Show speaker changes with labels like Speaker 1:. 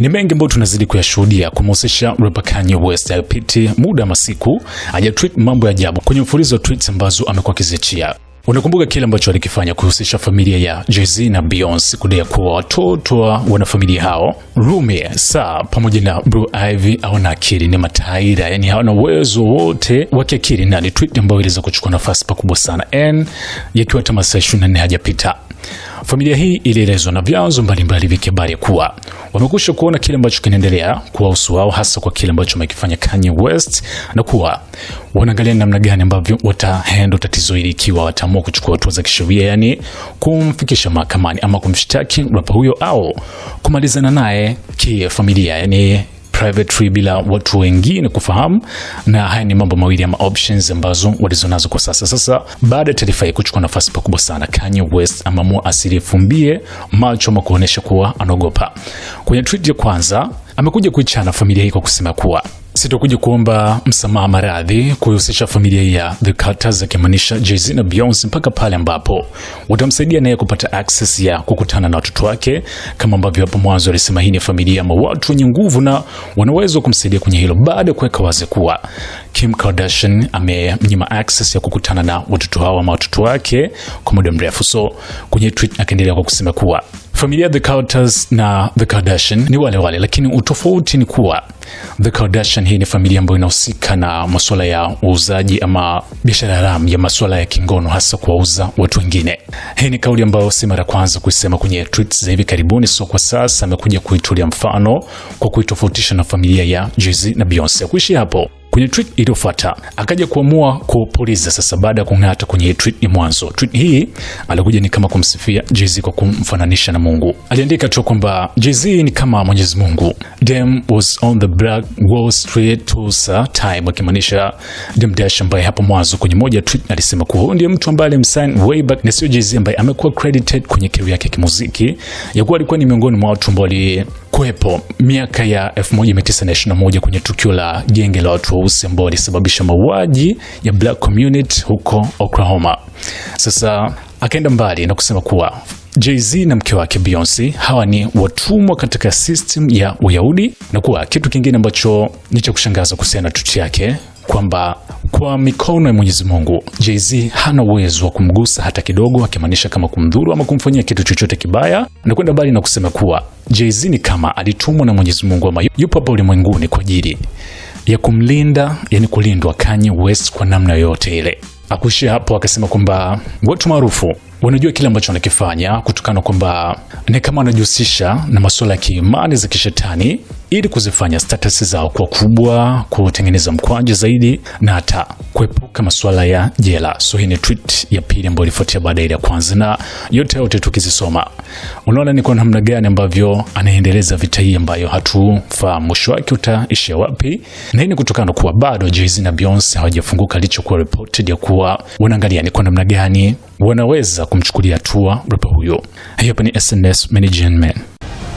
Speaker 1: Ni mengi ambayo tunazidi kuyashuhudia kumhusisha rapper Kanye West apiti muda masiku masiku tweet mambo ya ajabu kwenye mfululizo wa tweets ambazo amekuwa akiziachia. Unakumbuka kile ambacho alikifanya kuhusisha familia ya Jay-Z na Beyonce kudai kuwa watoto wa wanafamilia hao Rumi Saa pamoja na Blue Ivy hawana akili, ni mataira, yani hawana uwezo wote wa kiakili, na ni tweet ambayo iliweza kuchukua nafasi pakubwa sana n yakiwa hata 24 hajapita. Familia hii ilielezwa na vyanzo mbalimbali vya habari kuwa wamekwisha kuona kile ambacho kinaendelea kuwahusu wao, hasa kwa kile ambacho wamekifanya Kanye West, na kuwa wanaangalia namna gani ambavyo watahandle tatizo hili ikiwa wataamua kuchukua hatua za kisheria, yani kumfikisha mahakamani ama kumshtaki rapa huyo au kumalizana naye kifamilia, yani private bila watu wengine kufahamu, na haya ni mambo mawili ama options ambazo walizonazo kwa sasa. Sasa baada ya taarifa hii kuchukua nafasi pakubwa sana, Kanye West ameamua asilifumbie macho ama kuonesha kuwa anaogopa. Kwenye tweet ya kwanza amekuja kuichana familia hii kwa kusema kuwa sitakuja kuomba msamaha maradhi kuhusisha familia ya The Carters akimaanisha Jay-Z na Beyonce mpaka pale ambapo watamsaidia naye kupata access ya kukutana na watoto wake, kama ambavyo hapo mwanzo alisema hii ni familia ama watu wenye nguvu na wanaweza kumsaidia kwenye hilo, baada ya kuweka wazi kuwa Kim Kardashian amemnyima access ya kukutana na watoto hao ama watoto wake kwa muda mrefu. So kwenye tweet akaendelea kwa kusema kuwa Familia The Carters na The Kardashian ni wale wale, lakini utofauti ni kuwa The Kardashian hii ni familia ambayo inahusika na masuala ya uuzaji ama biashara haramu ya masuala ya kingono, hasa kuwauza watu wengine. Hii ni kauli ambayo si mara kwanza kuisema kwenye tweets za hivi karibuni, so kwa sasa amekuja kuitulia mfano kwa kuitofautisha na familia ya Jay-Z na Beyonce. Kuishi hapo kwenye tweet iliyofuata akaja kuamua kupuliza sasa, baada ya kung'ata kwenye tweet ya mwanzo. Tweet hii alikuja ni kama kumsifia Jay-Z kwa kumfananisha na Mungu. Aliandika tu kwamba Jay-Z ni kama Mwenyezi Mungu. Dem was on the Black Wall Street Tulsa time, akimaanisha Dem Dash ambaye hapo mwanzo kwenye moja tweet alisema kuwa huyu ndiye mtu ambaye alimsign way back na sio Jay-Z ambaye amekuwa credited kwenye career yake ya kimuziki, yakuwa alikuwa ni miongoni mwa watu ambao walikuwepo miaka ya 1921 kwenye tukio la genge la watu weusi ambao walisababisha mauaji ya black community huko Oklahoma. Sasa akaenda mbali na kusema kuwa Jay-Z na mke wake Beyonce hawa ni watumwa katika system ya Uyahudi, na kuwa kitu kingine ambacho ni cha kushangaza kuhusiana na tuchi yake kwamba kwa mikono ya Mwenyezi Mungu Jay-Z hana uwezo wa kumgusa hata kidogo, akimaanisha kama kumdhuru ama kumfanyia kitu chochote kibaya. Na kwenda mbali na kusema kuwa Jay-Z ni kama alitumwa na Mwenyezi Mungu ama yupo hapa ulimwenguni kwa ajili ya kumlinda, yani kulindwa Kanye West kwa namna yoyote ile. Akuishia hapo, akasema kwamba watu maarufu wanajua kile ambacho wanakifanya kutokana kwamba ni kama wanajihusisha na masuala ya kiimani za kishetani ili kuzifanya status zao kuwa kubwa, kutengeneza mkwaju zaidi na hata kuepuka masuala ya jela. So hii ni tweet ya pili ambayo ilifuatia baada ya kwanza, na yote yote tukizisoma, unaona ni kwa namna gani ambavyo anaendeleza vita hii ambayo hatufahamu mwisho wake utaishia wapi, na hii ni kutokana kuwa bado Jay-Z na Beyonce hawajafunguka licho kuwa reported ya kuwa wanaangalia ni kwa namna gani wanaweza kumchukulia hatua rapa huyo. hapa ni SNS Management